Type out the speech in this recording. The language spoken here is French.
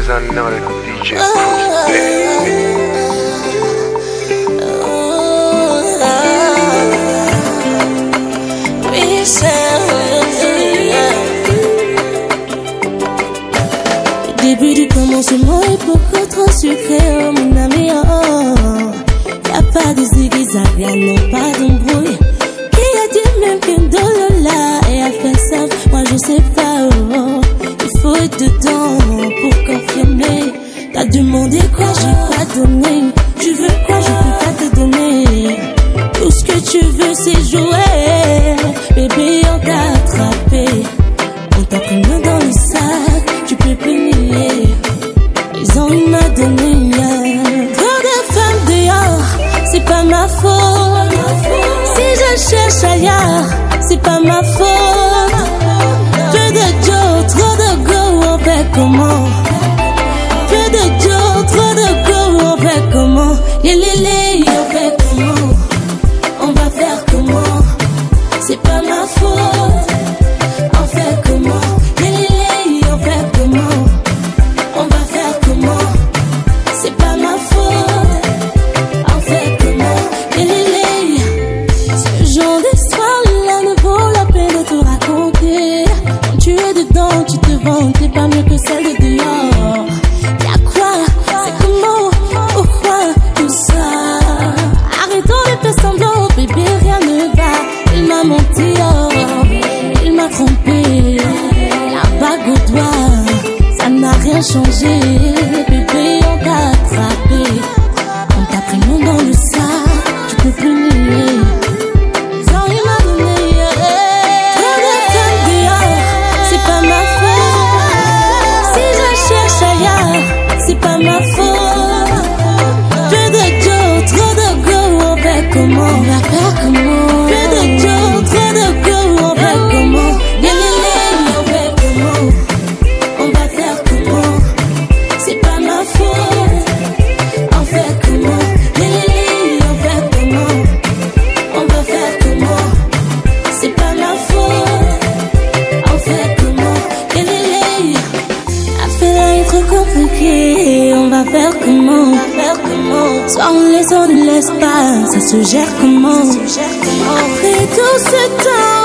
is DJ Début du commencement et beaucoup trop sucré, oh mon ami, oh. oh. Y'a pas de zigzag, y'a non pas d'embrouille. Qui a dit même que dolola et à faire ça, moi je sais pas, oh. Tu veux quoi, je peux pas te donner. Tout ce que tu veux, c'est jouer. Bébé, on t'a attrapé. On t'a pris dans le sac, tu peux payer, Ils ont m'a donné. Trop de femmes dehors, c'est pas ma faute. Si je cherche ailleurs, c'est pas ma faute. Peu de Joe, trop de go, on fait comment? En fait comment, Melillai, en fait comment On va faire comment, c'est pas ma faute En fait comment, Melillai, ce genre d'histoire là ne vaut la peine de te raconter quand Tu es dedans, tu te t'es pas mieux que celle de dehors Changer, bébé, on t'a attrapé On ta pri nom dans le sang tu peux plus nier la Trop de temps dehors, c'est pas ma faute Si je cherche ailleurs, c'est pas ma faute Trop de Joe, trop de go, on va comment très compliqué. On va faire comment Soit on les laisse de l'espace, ça se gère comment Après tout ce temps.